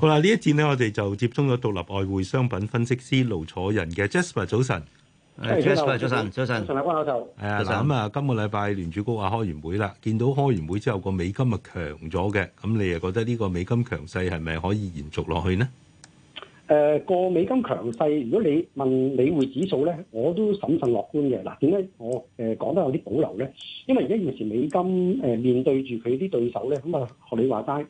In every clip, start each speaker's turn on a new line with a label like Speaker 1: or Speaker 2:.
Speaker 1: 好啦，呢一戰呢，我哋就接通咗獨立外匯商品分析師盧楚仁嘅。Jasper，早晨。係 Jasper，早晨，早晨。
Speaker 2: 早晨啊，關教授。誒，咁啊，
Speaker 1: 今個禮拜聯儲局啊開完會啦，見到開完會之後個美金咪強咗嘅，咁你又覺得呢個美金強勢係咪可以延續落去呢？
Speaker 2: 誒、呃，個美金強勢，如果你問美匯指數咧，我都審慎樂觀嘅。嗱，點解我誒、呃、講得有啲保留咧？因為而家現時美金誒、呃、面對住佢啲對手咧，咁啊，學你話齋。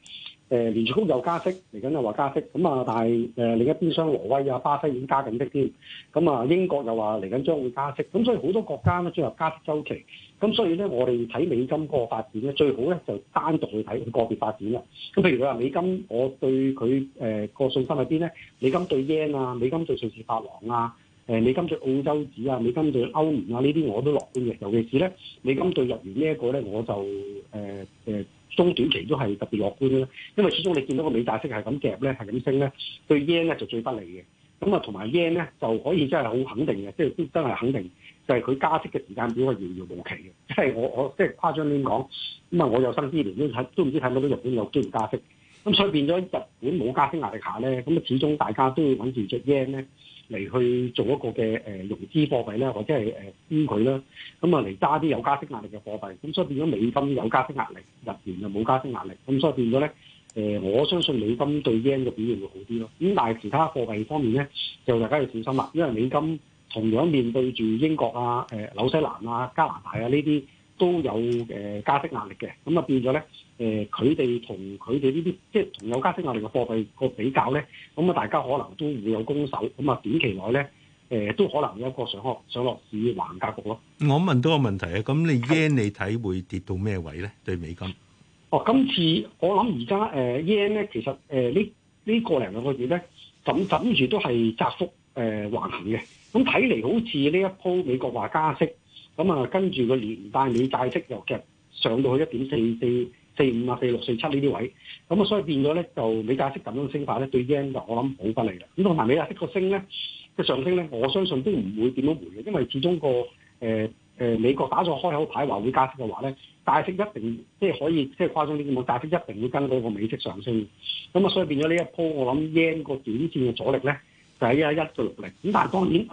Speaker 2: 誒聯儲局又加息，嚟緊又話加息，咁啊，但係誒、呃、另一邊商挪威啊、巴西已經加緊息添，咁啊，英國又話嚟緊將會加息，咁所以好多國家呢，進入加息週期，咁所以咧我哋睇美金嗰個發展咧，最好咧就單獨去睇個別發展啦。咁譬如佢話美金，我對佢誒個信心喺邊咧？美金對 yen 啊，美金對瑞士法郎啊、呃，美金對澳洲紙啊，美金對歐元啊，呢啲我都樂觀嘅。尤其是咧，美金對日元呢一個咧，我就誒、呃呃中短期都係特別樂觀啦，因為始終你見到個美債息係咁夾咧，係咁升咧，對 yen 咧就最不利嘅。咁啊，同埋 yen 咧就可以真係好肯定嘅，即係都真係肯定，就係、是、佢加息嘅時間表係遙遙無期嘅。即、就、係、是、我我即係、就是、誇張啲講，咁啊我有生之年都睇都唔知睇唔睇到日本有機會加息。咁所以變咗日本冇加息壓力下咧，咁啊始終大家都會揾住著 yen 咧。嚟去做一個嘅誒融資貨幣咧，或者係誒沽佢啦，咁啊嚟揸啲有加息壓力嘅貨幣，咁所以變咗美金有加息壓力，日元就冇加息壓力，咁所以變咗咧誒，我相信美金對 yen 嘅表現會好啲咯。咁但係其他貨幣方面咧，就大家要小心啦，因為美金同樣面對住英國啊、誒、呃、紐西蘭啊、加拿大啊呢啲。都有誒加息壓力嘅，咁啊變咗咧誒，佢哋同佢哋呢啲即係同有加息壓力嘅、呃、貨幣個比較咧，咁啊大家可能都會有攻守，咁啊短期內咧誒、呃、都可能有一個上落上落市橫格局咯。
Speaker 1: 我問多個問題啊，咁你 yen 你睇會跌到咩位咧？對美金？
Speaker 2: 哦，今次我諗而家誒 yen 咧，其實誒呢呢個零兩個月咧，枕枕住都係窄幅誒、呃、橫行嘅。咁睇嚟好似呢一波美國話加息。咁、嗯、啊，跟住個年債年債息又其實上到去一點四四四五啊，四六四七呢啲位，咁啊，所以變咗咧就美債息咁樣升法咧，對 yen 就我諗保翻嚟啦。咁同埋美債息個升咧個上升咧，我相信都唔會點樣回嘅，因為始終個誒誒、呃呃、美國打咗開口牌話會加息嘅話咧，債息一定即係可以即係、就是、誇張啲咁講，債息一定會跟到個美息上升。咁、嗯、啊，所以變咗呢一波我諗 yen 個短線嘅阻力咧就喺一一一到六零。咁但係當然。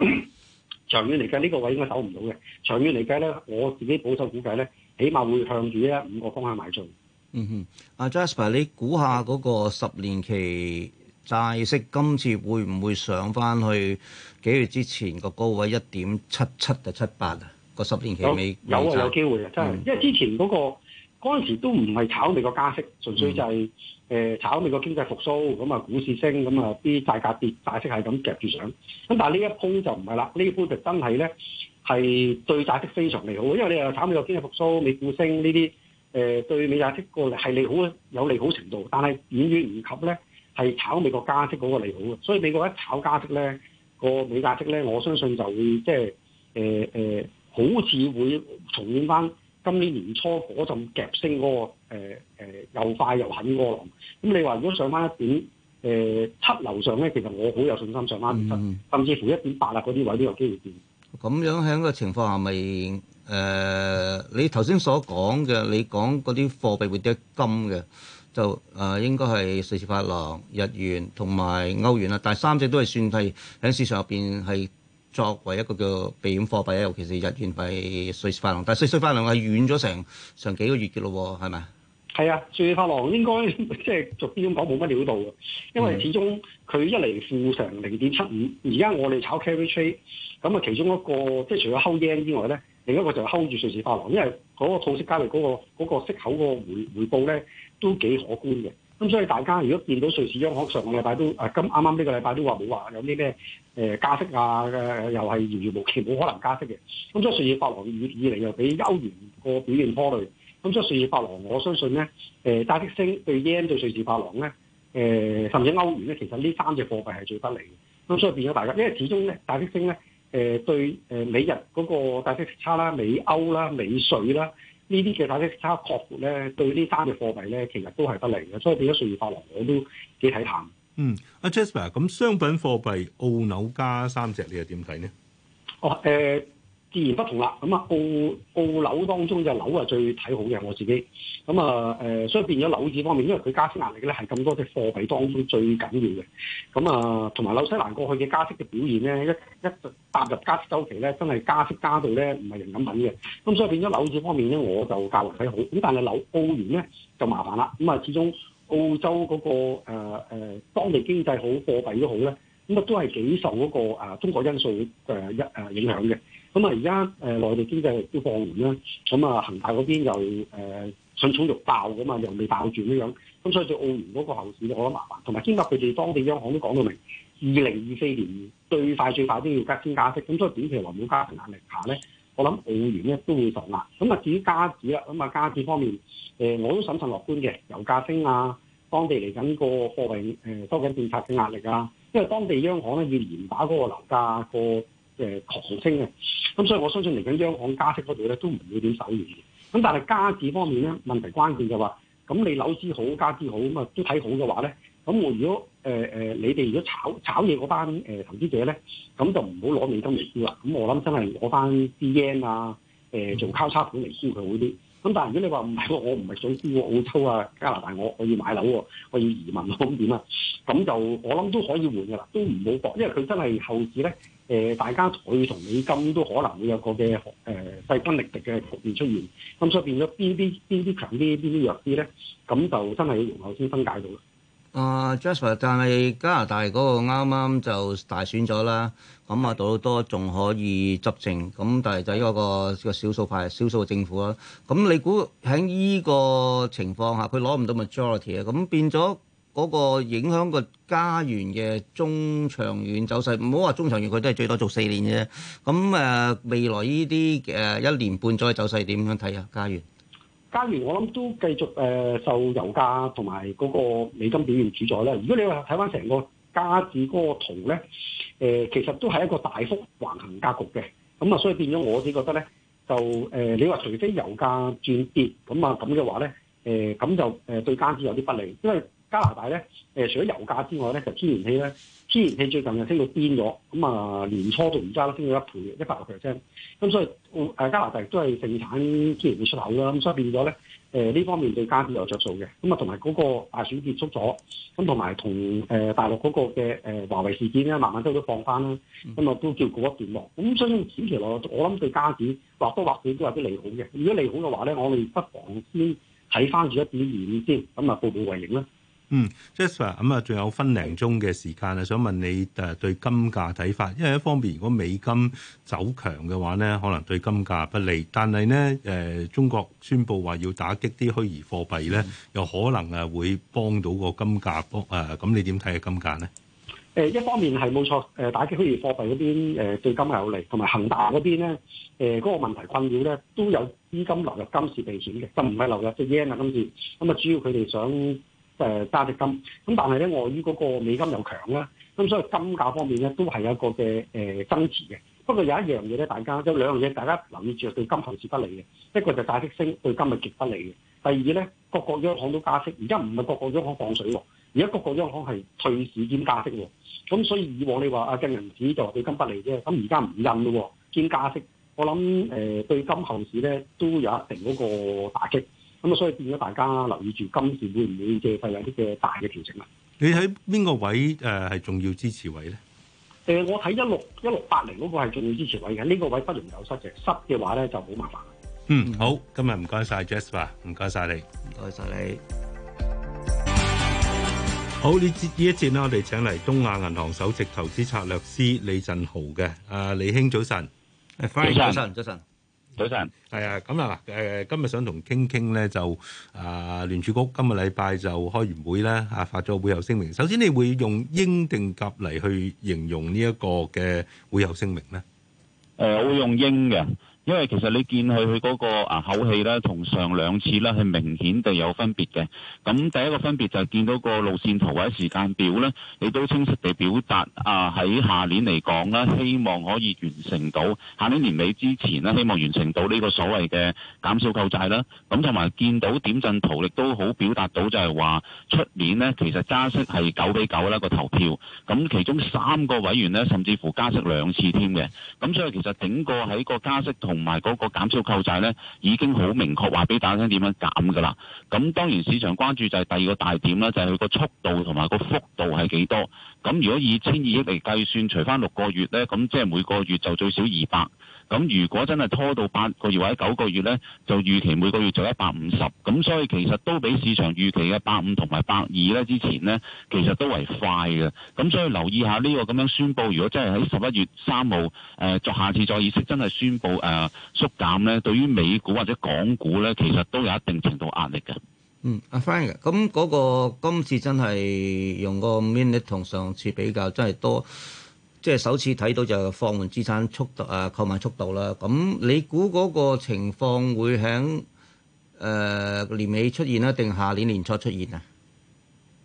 Speaker 2: 長遠嚟計呢個位應該守唔到嘅。長遠嚟計咧，我自己保守估計咧，起碼會向住呢五個方向買進。嗯
Speaker 3: 哼，阿 Jasper，你估下嗰個十年期債息今次會唔會上返去幾月之前個高位一點七七定七八啊？個十年期未有，有有機會啊，真、嗯、係，
Speaker 2: 因為之前嗰、那個。嗰陣時都唔係炒美國加息，純粹就係誒炒美國經濟復甦，咁啊股市升，咁啊啲債價跌，債息係咁夾住上。咁但係呢一波就唔係啦，呢一波就真係咧係對債息非常利好，因為你又炒美國經濟復甦，美股升呢啲誒對美債息個係利好有利好程度，但係遠遠唔及咧係炒美國加息嗰個利好嘅。所以美國一炒加息咧，個美債息咧，我相信就會即係誒好似會重現翻。今年年初嗰陣夾升嗰個誒誒又快又狠嗰浪，咁你話如果上翻一點誒七樓上咧，其實我好有信心上翻二七，甚至乎一點
Speaker 1: 八啊嗰
Speaker 3: 啲位都有機會變。咁樣喺個情況下，咪誒你頭先所講嘅，你講嗰啲貨幣匯跌金嘅，就誒應該係瑞士法郎、日元同埋歐元啊，但係三隻都係算係喺市場入邊係。作為一個叫避險貨幣啊，尤其是日元幣瑞士法郎，但係瑞士法郎係軟咗成成幾個月嘅咯，係咪？
Speaker 2: 係啊，瑞士法郎應該即係逐邊講冇乜料到啊，因為始終佢一嚟負成零點七五，而家我哋炒 carry trade，咁啊其中一個即係除咗 hold yen 之外咧，另一個就係 hold 住瑞士法郎，因為嗰個套息加利嗰個息口個回回報咧都幾可觀嘅。咁、嗯、所以大家如果見到瑞士央行上、啊、剛剛個禮拜都誒今啱啱呢個禮拜都話冇話有啲咩誒加息啊嘅、啊，又係遙遙無期，冇可能加息嘅。咁、嗯、所以瑞士法郎以以嚟又俾歐元個表現拖累。咁、嗯、所以瑞士法郎我相信咧誒大息升對 yen 對瑞士法郎咧誒甚至歐元咧，其實呢三隻貨幣係最不利嘅。咁、嗯、所以變咗大家，因為始終咧大息升咧誒對美日嗰個大息差歐啦、美歐啦、美瑞啦。呢啲其投資差擴闊咧，對呢三隻貨幣咧，其實都係不利嘅，所以變咗數字法郎我都幾睇
Speaker 1: 淡。嗯，阿、啊、Jasper，咁商品貨幣澳紐加三隻，你又點睇呢？
Speaker 2: 哦，誒、呃。自然不同
Speaker 1: 啦，咁啊澳澳樓當中嘅樓係最睇好
Speaker 2: 嘅，我自己。咁啊誒，所以變咗樓市方面，因為佢加息壓力咧係咁多隻貨幣當中最緊要嘅，咁啊同埋紐西蘭過去嘅加息嘅表現咧，一一踏入加息周期咧，真係加息加到咧唔係人咁品嘅，咁所以變咗樓市方面咧我就較為睇好，咁但係樓澳元咧就麻煩啦，咁啊始終澳洲嗰個誒、呃、當地經濟好貨幣都好咧，咁啊都係幾受嗰個中國因素一、呃、影響嘅。咁啊，而家誒內地經濟都放緩啦，咁啊，恒大嗰邊又誒蠢蠢欲爆咁啊，又未爆住咁樣，咁所以對澳元嗰個後市我諗麻煩，同埋兼夾佢哋當地央行都講到明，二零二四年最快最快都要加升加息，咁所以短期來講，加緊壓力下咧，我諗澳元咧都會受壓。咁啊，至於加紙啦，咁啊，加紙方面，誒我都審慎樂觀嘅，油價升啊，當地嚟緊個貨幣誒收緊政策嘅壓力啊，因為當地央行咧要嚴打嗰個樓價嘅、呃、狂升嘅，咁、嗯、所以我相信嚟緊央行加息嗰度咧都唔會點手軟嘅。咁但係加資方面咧，問題關鍵就話，咁你樓資好，加資好，咁啊都睇好嘅話咧，咁我如果誒、呃呃、你哋如果炒炒嘢嗰班、呃、投資者咧，咁就唔好攞美金嚟沽啦。咁我諗真係攞翻 D M 啊、呃，做交叉盤嚟沽佢好啲。咁但係如果你話唔係喎，我唔係想住澳洲啊、加拿大，我我要買樓喎，我要移民喎，咁點啊？咁就我諗都可以換噶啦，都唔好搏，因為佢真係後市咧，大家台同美金都可能會有個嘅誒勢均力敵嘅局面出現，咁所以變咗邊啲邊啲強啲，邊啲弱啲咧？咁就真係要容後先分解到。
Speaker 3: 啊、uh、Jasper，但係加拿大嗰個啱啱就大選咗啦，咁啊杜魯多仲可以執政，咁但係就一個個少數派少數嘅政府啦。咁你估喺依個情況下，佢攞唔到 majority 啊？咁變咗嗰個影響個加元嘅中長遠走勢。唔好話中長遠，佢都係最多做四年啫。咁、呃、未來呢啲誒一年半載走勢點樣睇啊？加元？
Speaker 2: 加元我諗都繼續誒、呃、受油價同埋嗰個美金表現主宰啦。如果你話睇返成個加紙嗰個圖咧、呃，其實都係一個大幅橫行格局嘅。咁、嗯、啊，所以變咗我自己覺得咧，就誒、呃、你話除非油價轉跌，咁啊咁嘅話咧，誒、呃、咁就對加紙有啲不利，因為。加拿大咧，誒、呃、除咗油價之外咧，就天然氣咧，天然氣最近又升到癲咗，咁啊年初到而家都升到一倍，一百六 percent，咁所以誒、呃、加拿大都係盛產天然氣出口啦，咁所以變咗咧誒呢、呃、方面對加紙有着數嘅，咁啊同埋嗰個大選結束咗，咁同埋同誒大陸嗰個嘅誒華為事件咧，慢慢都都放翻啦，咁、嗯、啊都叫過一段落，咁所以短期內我諗對加紙或多或少都有啲利好嘅，如果利好嘅話咧，我哋不妨先睇翻住一點二五先，咁啊步步為營啦。
Speaker 1: 嗯 Jess 咁啊，仲有分零鐘嘅時間啊，想問你誒對金價睇法，因為一方面如果美金走強嘅話咧，可能對金價不利，但係咧誒中國宣布話要打擊啲虛擬貨幣咧，又可能啊會幫到個金價幫啊，咁、呃、你點睇嘅金價咧？
Speaker 2: 誒一方面係冇錯，誒打擊虛擬貨幣嗰邊誒、呃、對金係有利，同埋恒大嗰邊咧誒嗰個問題困擾咧都有資金流入金市避險嘅，就唔係流入隻 yen 啊，今次咁啊主要佢哋想。誒、呃、加息金，咁但係咧，我於嗰個美金又強啦，咁所以金價方面咧都係有一個嘅誒、呃、增持嘅。不過有一樣嘢咧，大家即係兩樣嘢，大家留意住對金後市不利嘅。一個就大息升對金係極不利嘅。第二咧，各個央行都加息，而家唔係各個央行放水喎，而家各個央行係退市兼加息喎。咁所以以往你話啊降銀紙就話對金不利啫，咁而家唔印咯，兼加息，我諗誒、呃、對金後市咧都有一定嗰個打擊。咁啊，所以變咗大家留意住今次會唔會即係又有啲嘅大嘅調整啊？
Speaker 1: 你喺邊個位誒係重要支持位咧？
Speaker 2: 誒、呃，我睇一六一六八零嗰個係重要支持位嘅，呢、這個位不容有失嘅，失嘅話咧就好麻煩。嗯，
Speaker 1: 好，今日唔該晒 Jasper，唔該晒你，唔該曬你。好，呢節呢一節呢，我哋請嚟東亞銀行首席投資策略師李振豪嘅。啊，李兄早晨，
Speaker 3: 早晨早晨。早晨。
Speaker 1: 早晨，係啊，咁啦，誒，今日想同傾傾咧，就啊聯儲局今個禮拜就開完會咧，啊發咗會後聲明。首先，你會用鷹定鴿嚟去形容呢一個嘅會後聲明咧？誒，我會用鷹嘅。因為其實你見佢佢嗰個啊口氣咧，同上兩
Speaker 4: 次咧係明顯地有分別嘅。咁第一個分別就係見到個路線圖或者時間表咧，你都清晰地表達啊喺下年嚟講啦，希望可以完成到下年年尾之前呢，希望完成到呢個所謂嘅減少購債啦。咁同埋見到點陣圖，亦都好表達到就係話出年呢，其實加息係九比九啦，個投票。咁其中三個委員呢，甚至乎加息兩次添嘅。咁所以其實整個喺個加息同同埋嗰個減少購債呢，已經好明確話俾大家聽點樣減噶啦。咁當然市場關注就係第二個大點啦，就係佢個速度同埋個幅度係幾多。咁如果以千二億嚟計算，除翻六個月呢，咁即係每個月就最少二百。咁如果真係拖到八個月或者九個月呢，就預期每個月做一百五十，咁所以其實都比市場預期嘅百五同埋百二呢之前呢，其實都係快嘅。咁所以留意下呢個咁樣宣布，如果真係喺十一月三號誒，作、呃、下次再議息真係宣布誒、呃、縮減呢，對於美股或者港股呢，其實都有一定程度壓力嘅。嗯，
Speaker 3: 阿 Frank，咁嗰個今次真係用個 mini 同上次比較，真係多。即係首次睇到就放緩資產速度啊，購買速度啦。咁你估嗰個情況會喺誒、呃、年尾出現啦定下年年初出現啊？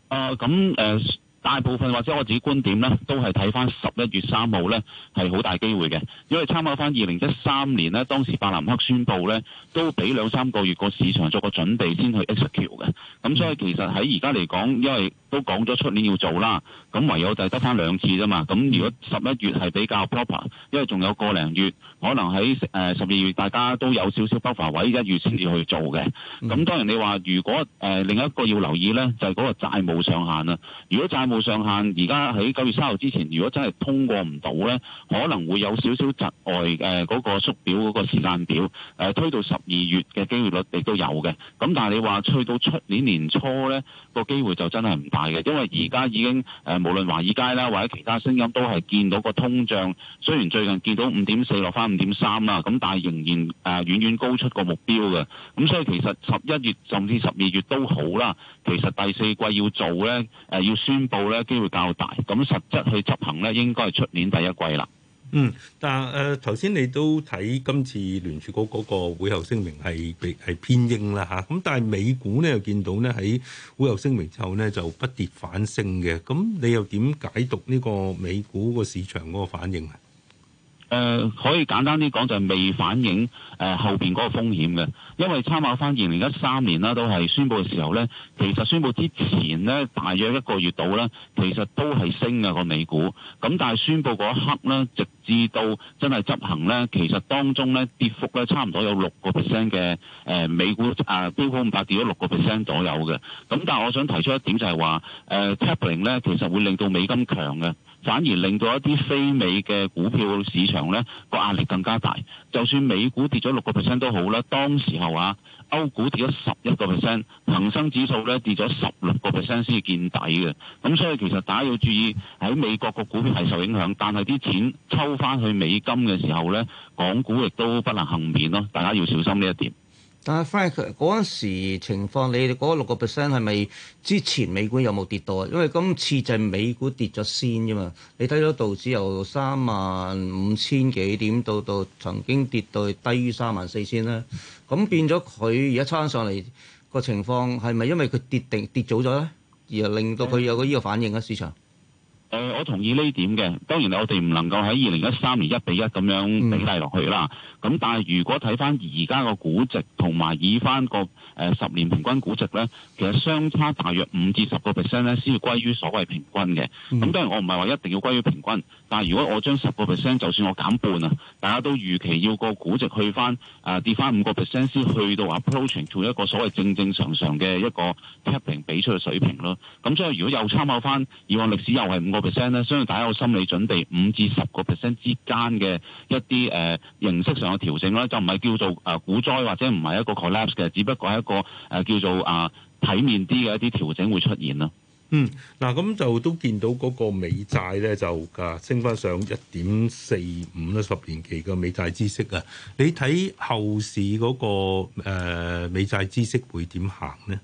Speaker 4: 啊、呃，咁誒、呃、大部分或者我自己觀點咧，都係睇翻十一月三號咧係好大機會嘅，因為參考翻二零一三年呢，當時伯南克宣布咧都俾兩三個月個市場作個準備先去 execute 嘅。咁所以其實喺而家嚟講，因為都講咗出年要做啦，咁唯有就得翻兩次啫嘛。咁如果十一月係比較 proper，因為仲有個零月，可能喺誒十二月大家都有少少 buffer 位，一月先至去做嘅。咁當然你話，如果、呃、另一個要留意呢，就係、是、嗰個債務上限啦。如果債務上限而家喺九月三號之前，如果真係通過唔到呢，可能會有少少窒外嗰、呃嗰個縮表嗰、嗰個時間表，呃、推到十二月嘅機會率亦都有嘅。咁但係你話去到出年年初呢、嗰個機會就真係唔大。係因為而家已經誒、呃，無論華爾街啦或者其他聲音，都係見到個通脹。雖然最近見到五點四落返五點三啦，咁但係仍然誒、呃、遠遠高出個目標嘅。咁所以其實十一月甚至十二月都好啦。其實第四季要做呢，誒、呃、要宣佈呢機會較大。咁實質去執行呢，應該係出年第一季啦。
Speaker 1: 嗯，但係誒頭先你都睇，今次聯儲局嗰個會後聲明係係偏鷹啦嚇，咁但係美股咧，又見到咧，喺會後聲明之後咧，就不跌反升嘅，咁你又點解讀呢個美股個市場嗰個反應啊？誒、呃、
Speaker 4: 可以簡單啲講，就係、是、未反映誒、呃、後面嗰個風險嘅，因為參考翻二零一三年啦，都係宣佈嘅時候咧，其實宣佈之前咧，大約一個月度咧，其實都係升嘅個美股，咁但係宣佈嗰一刻咧，直至到真係執行咧，其實當中咧跌幅咧，差唔多有六個 percent 嘅美股啊，標普五百跌咗六個 percent 左右嘅，咁但係我想提出一點就係話，誒、呃、tapering 咧，其實會令到美金強嘅。反而令到一啲非美嘅股票市場呢個壓力更加大。就算美股跌咗六個 percent 都好啦，當時候啊歐股跌咗十一個 percent，恒生指數咧跌咗十六個 percent 先見底嘅。咁所以其實大家要注意喺美國個股票係受影響，但係啲錢抽翻去美金嘅時候咧，港股亦都不能幸免咯。大家要小心呢一點。但係 Frank 嗰陣
Speaker 3: 時情況，你哋嗰六個 percent 係咪之前美股有冇跌到啊？因為今次就係美股跌咗先啫嘛。你睇到道指由三萬五千幾點到到曾經跌到低於三萬四千啦，咁變咗佢而家撐上嚟個情況係咪因為佢跌定跌早咗咧，而令到佢有個呢個反應啊市
Speaker 4: 場？誒、呃，我同意呢點嘅。當然我哋唔能夠喺二零一三年一比一咁樣比例落去啦。咁、嗯、但係如果睇翻而家個估值同埋以翻個誒、呃、十年平均估值呢，其實相差大約五至十個 percent 呢，先至歸於所謂平均嘅。咁、嗯、當然我唔係話一定要歸於平均。但係如果我將十個 percent，就算我減半啊，大家都預期要個估值去翻誒、呃、跌翻五個 percent 先去到 approaching 做一個所謂正正常常嘅一個 caping 俾出嘅水平咯。咁所以如果又參考翻以往歷史又5，又係五個 percent 咧，所以大家有心理準備，五至十個 percent 之間嘅一啲誒形式上嘅調整啦，就唔係叫做誒股災或者唔係一個 collapse 嘅，只不過係一個誒叫做啊體面啲嘅一啲調整會出現咯。嗯，
Speaker 1: 嗱咁就都見到嗰個美債咧就價升翻上一點四五啦，十年期嘅美債孳息啊，你睇後市嗰個美債孳息會點行咧？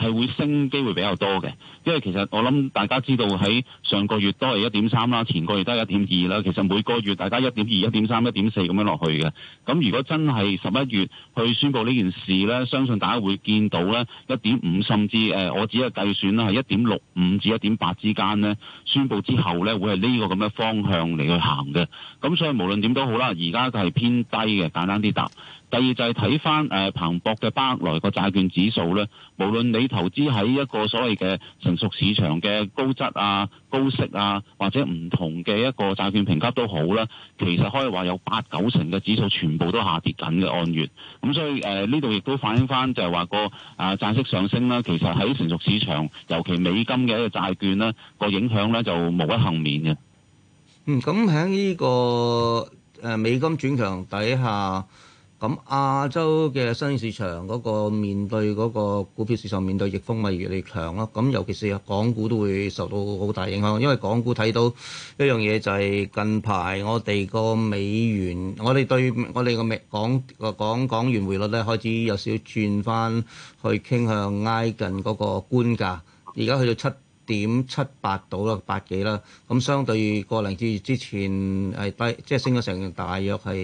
Speaker 1: 係會升機會比較多嘅，因為其實我諗大家
Speaker 4: 知道喺上個月都係一點三啦，前個月都係一點二啦。其實每個月大家一點二、一點三、一點四咁樣落去嘅。咁如果真係十一月去宣布呢件事呢，相信大家會見到呢一點五，甚至誒，我只係計算啦係一點六五至一點八之間呢，宣布之後呢會係呢個咁嘅方向嚟去行嘅。咁所以無論點都好啦，而家係偏低嘅，簡單啲答。第二就係睇翻誒彭博嘅巴克萊個債券指數咧，無論你投資喺一個所謂嘅成熟市場嘅高質啊、高息啊，或者唔同嘅一個債券評級都好啦，其實可以話有八九成嘅指數全部都下跌緊嘅按月咁，所以誒呢度亦都反映翻就係話個啊債息上升啦，其實喺成熟市場，尤其美金嘅一個債券咧個影響咧就無一幸免嘅。
Speaker 3: 嗯，咁喺呢個、呃、美金轉強底下。咁亞洲嘅新市場嗰個面對嗰個股票市場面對逆風咪越嚟越強咯，咁尤其是港股都會受到好大影響，因為港股睇到一樣嘢就係近排我哋個美元，我哋對我哋個美港個港港元匯率咧開始有少少轉翻去傾向挨近嗰個官價，而家去到七點七八到啦，八幾啦，咁相對過零至月之前係低，即係升咗成大約係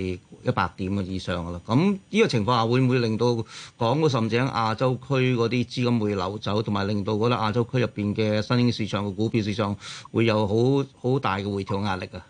Speaker 3: 一百點嘅以上嘅啦。咁呢個情況下會唔會令到港股甚至亞洲區嗰啲資金會扭走，同埋令到嗰粒亞洲區入邊嘅新興市場嘅股票市場會有好好大嘅回調壓力啊？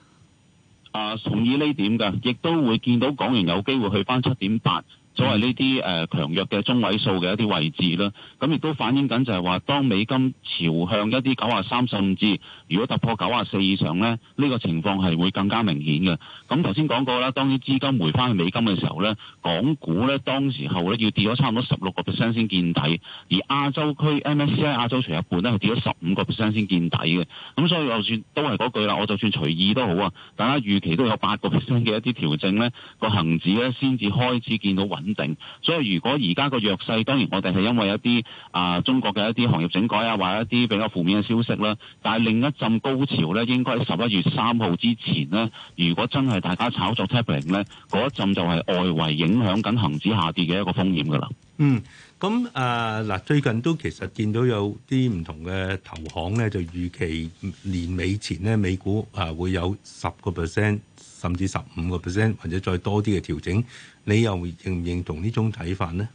Speaker 4: 啊，同意呢點㗎，亦都會見到港元有機會去翻七點八。所謂呢啲誒強弱嘅中位數嘅一啲位置啦，咁亦都反映緊就係話，當美金朝向一啲九啊三，甚至如果突破九啊四以上呢，呢、呢個情況係會更加明顯嘅。咁頭先講過啦，當啲資金回翻去美金嘅時候呢，港股呢，當時候呢，要跌咗差唔多十六個 percent 先見底，而亞洲區 MSCI 亞洲除日本呢，係跌咗十五個 percent 先見底嘅。咁所以就算都係嗰句啦，我就算隨意都好啊，大家預期都有八個 percent 嘅一啲調整呢，個恒指呢，先至開始見到雲。咁所以如果而家個弱勢，當然我哋係因為一啲啊、呃、中國嘅一啲行業整改啊，或者一啲比較負面嘅消息啦。但係另一陣高潮咧，應該十一月三號之前咧，如果真係大家炒作
Speaker 1: tapering 咧，嗰一陣就係外圍影響緊恒指下跌嘅一個風險㗎啦。嗯，咁啊嗱，最近都其實見到有啲唔同嘅投行咧，就預期年尾前咧，美股啊會有十個 percent。甚至十五個 percent 或者再多啲嘅調整，你又認唔認同呢種睇法呢？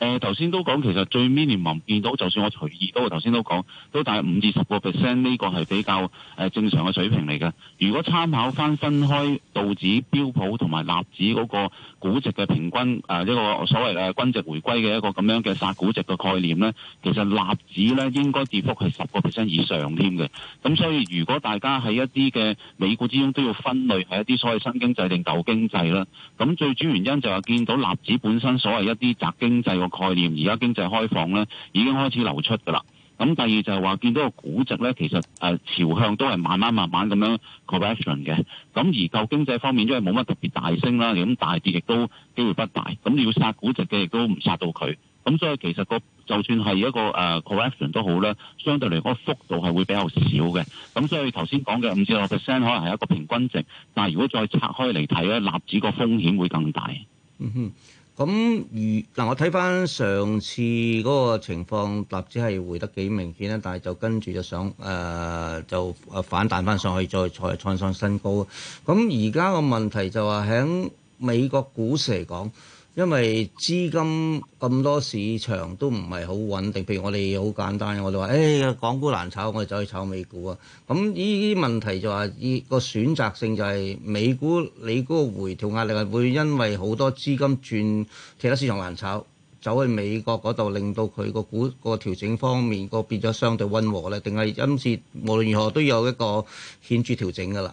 Speaker 4: 誒頭先都講，其實最 minimum 見到，就算我隨意都，頭先都講，都大約五至十個 percent 呢個係比較、呃、正常嘅水平嚟嘅。如果參考翻分開道指、標普同埋納指嗰個估值嘅平均誒、呃這個、一個所謂嘅均值回歸嘅一個咁樣嘅殺估值嘅概念呢，其實納指呢應該跌幅係十個 percent 以上添嘅。咁所以如果大家喺一啲嘅美股之中都要分類喺一啲所謂新經濟定舊經濟啦。咁最主要原因就係見到納指本身所謂一啲宅經濟概念而家經濟開放咧，已經開始流出噶啦。咁第二就係話見到個估值咧，其實誒、呃、朝向都係慢慢慢慢咁樣 correction 嘅。咁而舊經濟方面都係冇乜特別大升啦，咁大跌亦都機會不大。咁你要殺估值嘅亦都唔殺到佢。咁所以其實個就算係一個誒、呃、correction 都好啦，相對嚟嗰幅度係會比較少嘅。咁所以頭先講嘅五至六 percent 可能係一個平均值，但係如果再拆開嚟睇咧，納指個風險會更大。嗯哼。
Speaker 3: 咁而嗱，我睇翻上次嗰個情況，納指係回得幾明顯咧，但係就跟住就想誒、呃，就反彈翻上去，再再創上新高。咁而家個問題就話喺美國股市嚟講。因為資金咁多，市場都唔係好穩定。譬如我哋好簡單，我哋話，誒、哎、港股難炒，我哋走去炒美股啊。咁呢啲問題就係呢個選擇性，就係美股你嗰個回調壓力係會因為好多資金轉其他市場難炒，走去美國嗰度，令到佢個股個調整方面個變咗相對溫和咧，定係因此無論如何都有一個顯著調整㗎啦。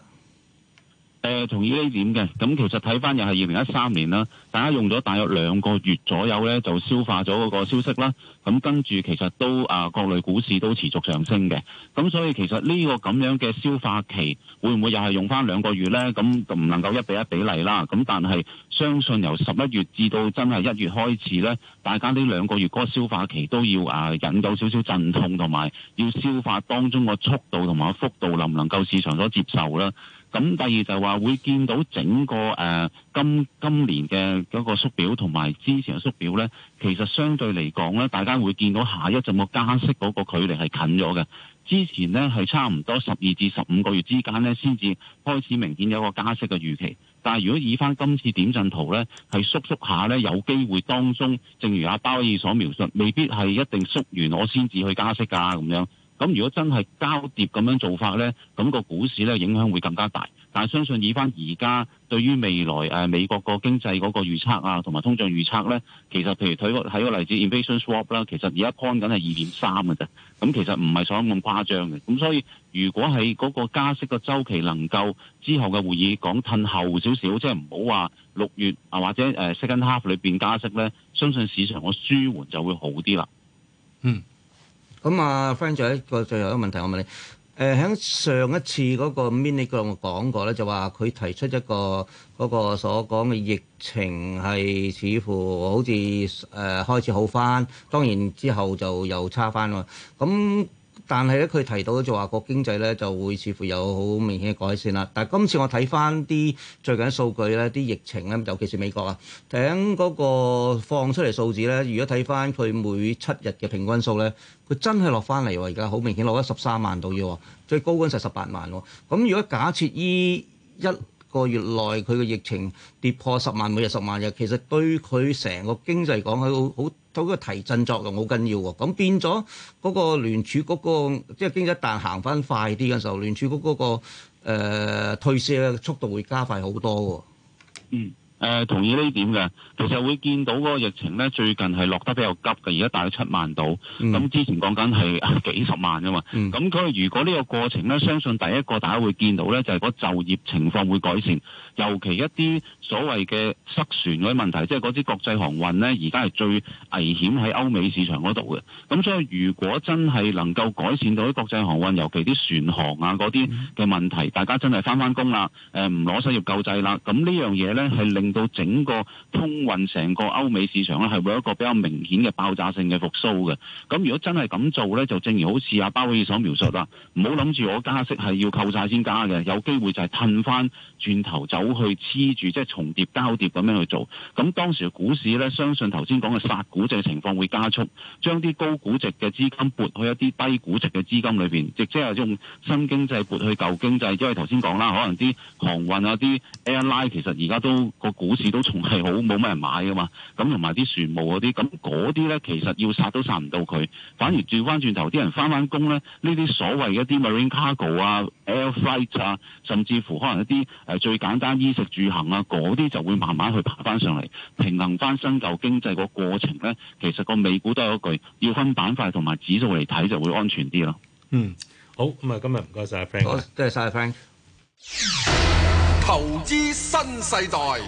Speaker 4: 誒，同意呢點嘅，咁其實睇翻又係二零一三年啦，大家用咗大約兩個月左右呢，就消化咗嗰個消息啦。咁跟住，其實都啊，各類股市都持續上升嘅。咁所以其實呢個咁樣嘅消化期，會唔會又係用翻兩個月呢？咁就唔能夠一比一比例啦。咁但係，相信由十一月至到真係一月開始呢，大家呢兩個月嗰個消化期都要啊引有少少震痛，同埋要消化當中個速度同埋個幅度，能唔能夠市場所接受呢？咁第二就話會見到整個誒、呃、今今年嘅嗰個縮表同埋之前嘅縮表咧，其實相對嚟講咧，大家會見到下一陣個加息嗰個距離係近咗嘅。之前咧係差唔多十二至十五個月之間咧，先至開始明顯有個加息嘅預期。但係如果以翻今次點陣圖咧，係縮縮下咧，有機會當中，正如阿包爾所描述，未必係一定縮完我先至去加息㗎咁樣。咁如果真係交疊咁樣做法呢，咁個股市呢，影響會更加大。但係相信以翻而家對於未來、呃、美國個經濟嗰個預測啊，同埋通脹預測呢，其實譬如睇個睇個例子 inflation swap 啦，其實 point 而家 con 緊係二點三嘅啫。咁其實唔係所謂咁誇張嘅。咁所以如果係嗰個加息個周期能夠之後嘅會議講褪後少少，即係唔好話六月啊或者、呃、Second Half 裏面加息呢，相信市場個舒緩就會好啲啦。嗯。
Speaker 3: 咁啊，f r friend 咗一個最後一個問題，我問你喺、呃、上一次嗰個 mini 講過咧，就話佢提出一個嗰個所講嘅疫情係似乎好似誒、呃、開始好翻，當然之後就又差翻喎。咁。但係咧，佢提到咧就話個經濟咧就會似乎有好明顯嘅改善啦。但係今次我睇翻啲最近數據咧，啲疫情咧，尤其是美國啊，頂嗰個放出嚟數字咧，如果睇翻佢每七日嘅平均數咧，佢真係落翻嚟喎。而家好明顯落咗十三萬度要喎，最高温實十八萬喎、哦。咁如果假設依一個月內佢嘅疫情跌破十萬，每日十萬日，其實對佢成個經濟嚟講係好好嗰個提振作用好緊要喎。咁變咗嗰個聯儲局嗰，即係經濟一旦行翻快啲嘅時候，聯儲局嗰個誒、呃、退市嘅速度會加快好多喎。
Speaker 4: 嗯。誒、呃、同意呢點嘅，其實會見到個個疫情呢，最近係落得比較急嘅，而家大約七萬度，咁、嗯、之前講緊係幾十萬嘅嘛。咁、嗯、佢如果呢個過程呢，相信第一個大家會見到呢，就係、是、個就業情況會改善，尤其一啲所謂嘅塞船嗰啲問題，即係嗰啲國際航運呢，而家係最危險喺歐美市場嗰度嘅。咁所以如果真係能夠改善到啲國際航運，尤其啲船航啊嗰啲嘅問題、嗯，大家真係翻返工啦，唔攞失業救濟啦，咁呢樣嘢呢，係令。令到整個通運成個歐美市場咧，係會有一個比較明顯嘅爆炸性嘅復甦嘅。咁如果真係咁做呢，就正如好似阿鮑威爾所描述啦，唔好諗住我加息係要扣債先加嘅，有機會就係褪翻轉頭走去黐住，即係重疊交疊咁樣去做。咁當時股市呢，相信頭先講嘅殺估值嘅情況會加速，將啲高估值嘅資金撥去一啲低估值嘅資金裏邊，直接係用新經濟撥去舊經濟。因為頭先講啦，可能啲航運啊、啲 airline 其實而家都股市都仲係好冇乜人買㗎嘛，咁同埋啲船務嗰啲，咁嗰啲咧其實要殺都殺唔到佢，反而轉翻轉頭啲人翻翻工咧，呢啲所謂一啲 marine cargo 啊、air flight 啊，甚至乎可能一啲、呃、最簡單衣食住行啊，嗰啲就會慢慢去爬翻上嚟，平衡翻新舊經濟個過程咧，其實個美股都有一句，要分板塊同埋指數嚟睇就會安全啲咯。嗯，好
Speaker 1: 咁啊，今日唔該晒 Frank，多
Speaker 3: 謝晒 Frank。好，多謝晒 Frank。
Speaker 1: 投資新世代。